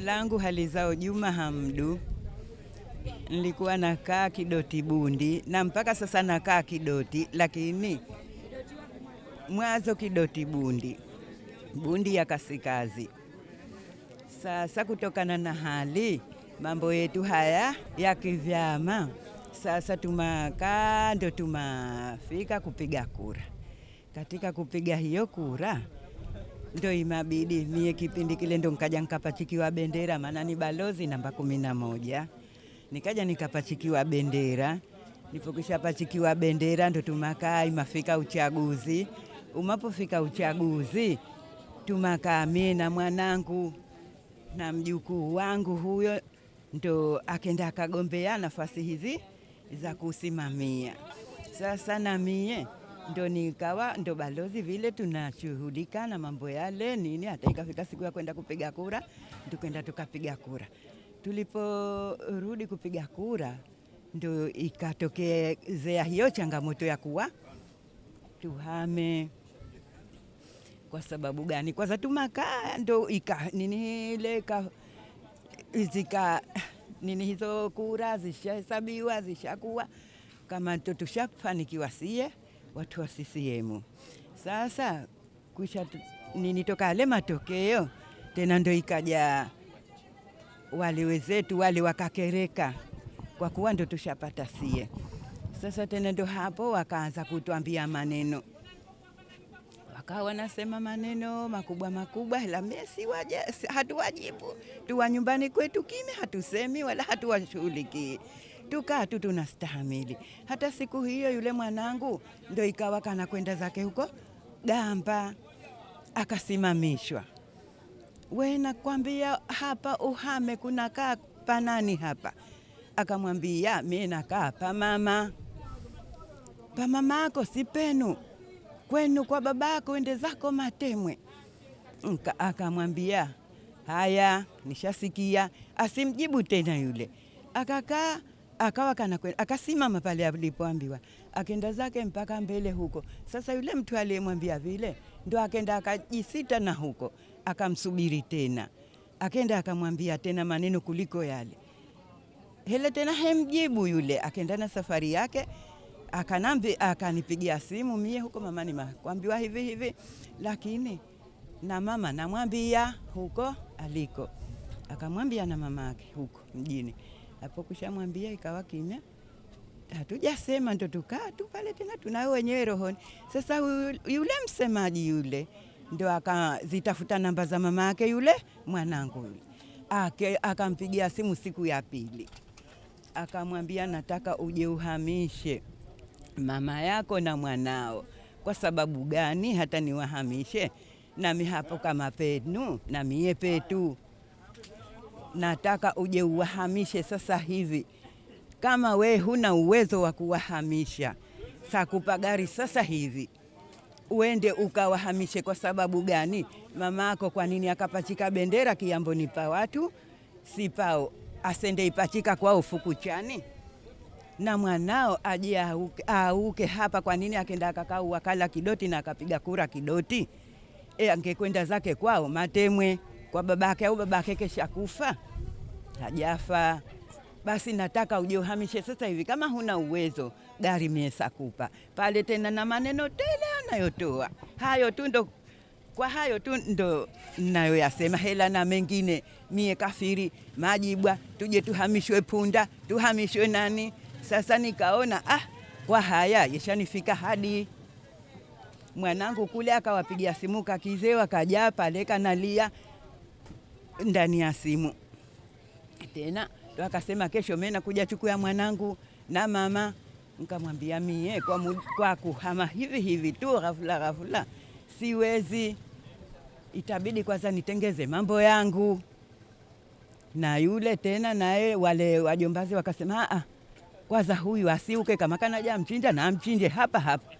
langu Halizao Juma Hamdu, nilikuwa nakaa Kidoti Bundi na mpaka sasa nakaa Kidoti, lakini mwanzo Kidoti Bundi, Bundi ya Kasikazi. Sasa kutokana na hali mambo yetu haya ya kivyama, sasa tumakaa ndo tumafika kupiga kura. Katika kupiga hiyo kura Ndo imabidi mie kipindi kile ndo nkaja nkapachikiwa bendera, maana ni balozi namba kumi na moja. Nikaja nikapachikiwa bendera, nipokishapachikiwa bendera ndo tumakaa imafika uchaguzi. Umapofika uchaguzi, tumakaa mie na mwanangu na mjukuu wangu huyo, ndo akenda akagombea nafasi hizi za kusimamia. Sasa na mie ndo nikawa ndo balozi vile tunashughulika na mambo yale nini, hata ikafika siku ya kwenda kupiga kura, tukenda tukapiga kura. Tuliporudi kupiga kura, ndo ikatokezea hiyo changamoto ya kuwa tuhame. Kwa sababu gani? Kwanza tumakaa ndo ika nini ile zika nini hizo kura zishahesabiwa zishakuwa kama ndo tushafanikiwa sie watu wa CCM. Sasa kisha toka ale matokeo tena, ndo ikaja wale wezetu wale wakakereka, kwa kuwa ndo tushapata sie. Sasa tena ndo hapo wakaanza kutuambia maneno, wakawa wanasema maneno makubwa makubwa, la mesi hatuwajibu, tuwa nyumbani kwetu kimya, hatusemi wala hatuwashughulikii tukaa tu tunastahamili. Hata siku hiyo yule mwanangu ndio ikawa kana kwenda zake huko Damba akasimamishwa. We nakwambia hapa uhame, kuna kaa panani hapa? Akamwambia mi nakaa pa mama. Pa mama ako si penu kwenu, kwa babako ende zako Matemwe. Akamwambia haya, nishasikia. Asimjibu tena yule, akakaa akawa kana kwenda akasimama pale alipoambiwa, akenda zake mpaka mbele huko. Sasa yule mtu aliyemwambia vile ndo akenda akajisita na huko akamsubiri tena, akenda akamwambia tena maneno kuliko yale hele, tena hemjibu yule, akenda na safari yake akanambi akanipigia simu mie huko, mama nimekwambiwa hivi hivi, lakini na mama namwambia huko aliko, akamwambia na mama yake huko mjini hapo kushamwambia ikawa kimya, hatujasema ndo tukaa tu pale tena, tunao wenyewe rohoni. Sasa yule msemaji yule ndo akazitafuta namba za mama yake yule mwanangu yule, akampigia simu siku ya pili, akamwambia nataka uje uhamishe mama yako na mwanao. Kwa sababu gani hata niwahamishe? Nami hapo kama penu, namie petu nataka uje uwahamishe sasa hivi. Kama we huna uwezo wa kuwahamisha, sakupa gari sasa hivi uende ukawahamishe. Kwa sababu gani? Mama yako kwa nini akapachika bendera kiamboni pa watu si pao, asende ipachika kwao Fukuchani na mwanao aje auke hapa. Kwa nini akenda akakaa wakala Kidoti na akapiga kura Kidoti? E, angekwenda zake kwao Matemwe kwa babake au babake kesha kufa hajafa, basi nataka uje uhamishe sasa hivi, kama huna uwezo gari miesa kupa pale tena, na maneno tele anayotoa hayo tu ndo kwa hayo tu ndo nayoyasema, hela na mengine mie kafiri majibwa, tuje tuhamishwe punda, tuhamishwe nani. Sasa nikaona ah, kwa haya yeshanifika hadi mwanangu kule akawapigia simu kakizee, wakaja pale kanalia ndani ya simu tena wakasema kesho mimi nakuja chukua mwanangu na mama. Nikamwambia mie kwa, kwa kuhama hivi hivi tu ghafula ghafula siwezi, itabidi kwanza nitengeze mambo yangu. Na yule tena naye wale wajombazi wakasema a, ah, ah, kwanza huyu asiuke, kama kanaja mchinja na mchinje hapa hapa,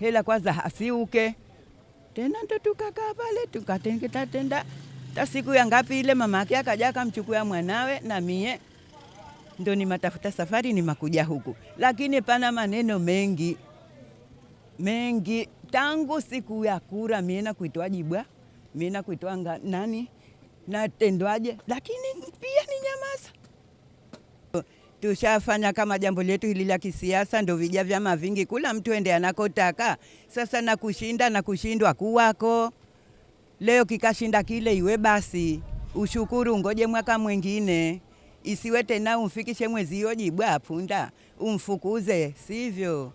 hela kwanza asiuke. Tena ndo tukakaa pale tukatengetatenda ta siku ya ngapi ile mama yake akaja akamchukua mwanawe na mie ndo matafuta safari nimakuja huku, lakini pana maneno mengi mengi tangu siku ya kura, mie nakuitwa jibwa, mie nakuitwa nani, natendwaje, lakini pia ni nyamaza. Tushafanya kama jambo letu hili la kisiasa, ndo vija vyama vingi, kula mtu ende anakotaka. Sasa nakushinda na kushindwa kuwako leo kikashinda kile, iwe basi ushukuru, ngoje mwaka mwingine, isiwe tena umfikishe mwezi hiyo jibwa apunda umfukuze, sivyo?